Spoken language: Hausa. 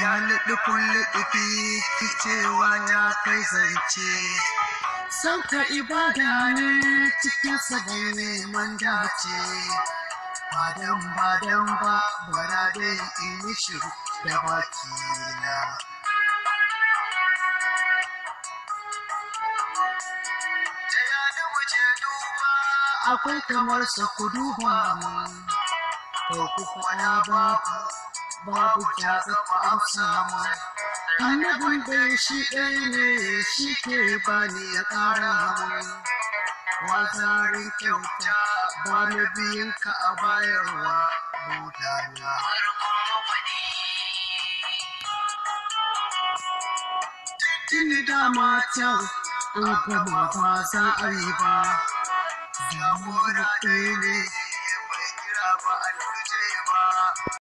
ya naɗi kulle ɗufi cewa ya kai zance sauta ibada ne cikin sabon neman dace badan badan ba bara dai in yi shiru da baki na akwai kamar sa ku duba mu ko ku na babu babu zaɓin samu annabin da shi ɗaya ne shi ke bani ya ƙara Wa wazarin kyauta ba na biyanka a bayarwa budana tuni da matan an gama ba za a yi ba zamura ɗaya ne